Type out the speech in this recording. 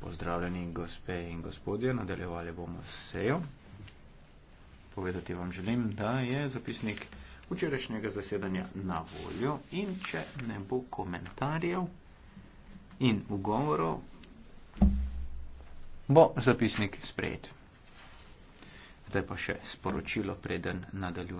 Pozdravljeni gospe in gospodje, nadaljevali bomo s sejo. Povedati vam želim, da je zapisnik včerajšnjega zasedanja na voljo in če ne bo komentarjev in ugovorov, bo zapisnik sprejet. Zdaj pa še sporočilo, preden nadaljujem.